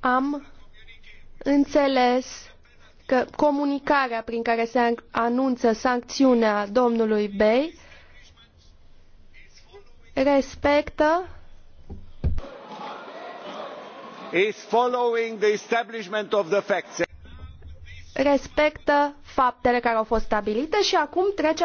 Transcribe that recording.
Am înțeles că comunicarea prin care se anunță sancțiunea domnului Bey respectă Is following the establishment of the facts. respectă faptele care au fost stabilite și acum trecem